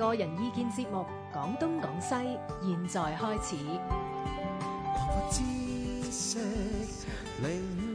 個人意見節目《講東講西》，現在開始。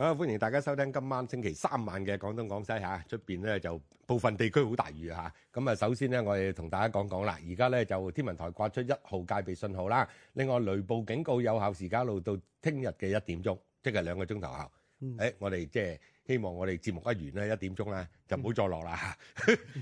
好，歡迎大家收聽今晚星期三晚嘅廣東廣西吓，出邊呢，面就部分地區好大雨吓。咁啊，啊，首先呢，我哋同大家講講啦。而家呢，就天文台掛出一號戒備信號啦。另外，雷暴警告有效時間到聽日嘅一點鐘，即係兩個鐘頭後。誒，我哋即係希望我哋節目一完咧，一點鐘咧就唔好再落啦。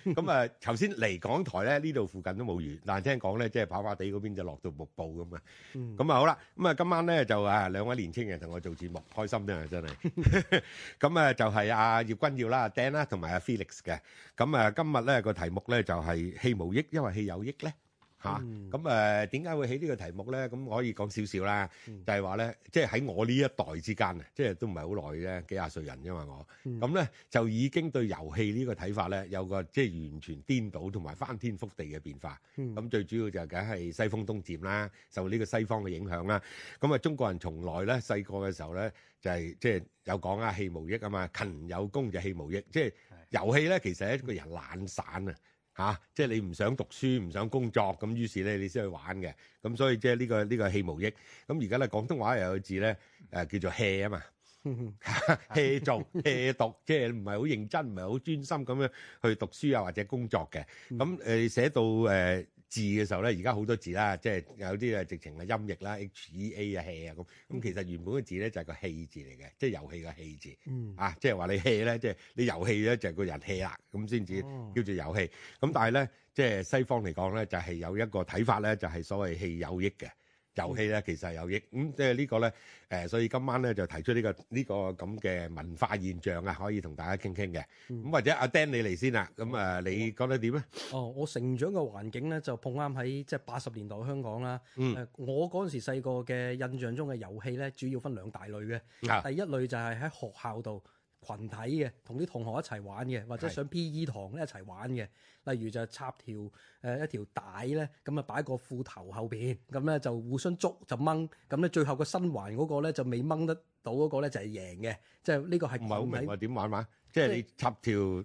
咁啊，頭先嚟港台咧，呢度附近都冇雨，難聽講咧，即係跑馬地嗰邊就落到瀑布咁啊。咁啊，好啦，咁啊，今晚咧就啊兩位年青人同我做節目，開心啦，真係。咁啊，就係阿葉均耀啦、Dan 啦，同埋阿 Felix 嘅。咁啊，今日咧個題目咧就係戲無益，因為戲有益咧。嚇，咁誒，點解會起呢個題目咧？咁可以講少少啦，就係話咧，即係喺我呢一代之間啊，即係都唔係好耐啫，幾廿歲人啫嘛我，咁咧就已經對遊戲呢個睇法咧有個即係完全顛倒同埋翻天覆地嘅變化。咁最主要就梗係西風東漸啦，受呢個西方嘅影響啦。咁啊，中國人從來咧細個嘅時候咧就係即係有講啊，戲無益啊嘛，勤有功，就戲無益。即係遊戲咧，其實一個人懶散啊。嚇、啊！即係你唔想讀書，唔想工作，咁於是咧你先去玩嘅，咁所以即係呢、呢個呢、呢個戲無益。咁而家咧廣東話又有字咧，誒、呃、叫做 hea 嘛。嗯哼，hea 做 hea 讀，即係唔係好認真，唔係好專心咁樣去讀書啊，或者工作嘅。咁誒寫到誒、呃、字嘅時候咧，而家好多字啦，即係有啲啊直情係音譯啦，hea 啊 hea 啊咁。咁其實原本嘅字咧就係個戲字嚟嘅，即係遊戲嘅戲字。嗯、啊，即係話你 hea 咧，即係你遊戲咧就係個人 hea 啦，咁先至叫做遊戲。咁但係咧，即係西方嚟講咧，就係、是、有一個睇法咧，就係所謂戲有益嘅。嗯、遊戲咧其實係有益，咁即係呢個咧誒，所以今晚咧就提出呢、呢個呢、呢個咁嘅文化現象啊，可以同大家傾傾嘅。咁、嗯、或者阿 Dan 你嚟先啦，咁誒你覺得點咧？哦，我成長嘅環境咧就碰啱喺即係八十年代香港啦。誒、嗯，我嗰陣時細個嘅印象中嘅遊戲咧，主要分兩大類嘅。嗯、第一類就係喺學校度。群體嘅，同啲同學一齊玩嘅，或者上 P.E. 堂咧一齊玩嘅。是例如就插條誒、呃、一條帶咧，咁啊擺個褲頭後邊，咁咧就互相捉就掹，咁咧最後個身環嗰個咧就未掹得到嗰個咧就係、是、贏嘅。即係呢個係唔係好明？係點玩？即係你插條誒有、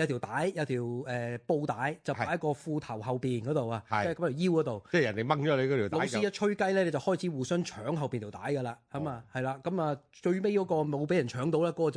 呃、條帶，有條誒、呃、布帶就擺個褲頭後邊嗰度啊，是腰即係咁條腰嗰度。即係人哋掹咗你嗰條帶。老師一吹雞咧，你就開始互相搶後邊條帶㗎啦。咁啊、哦，係啦，咁啊最尾嗰個冇俾人搶到咧，嗰、嗰個就。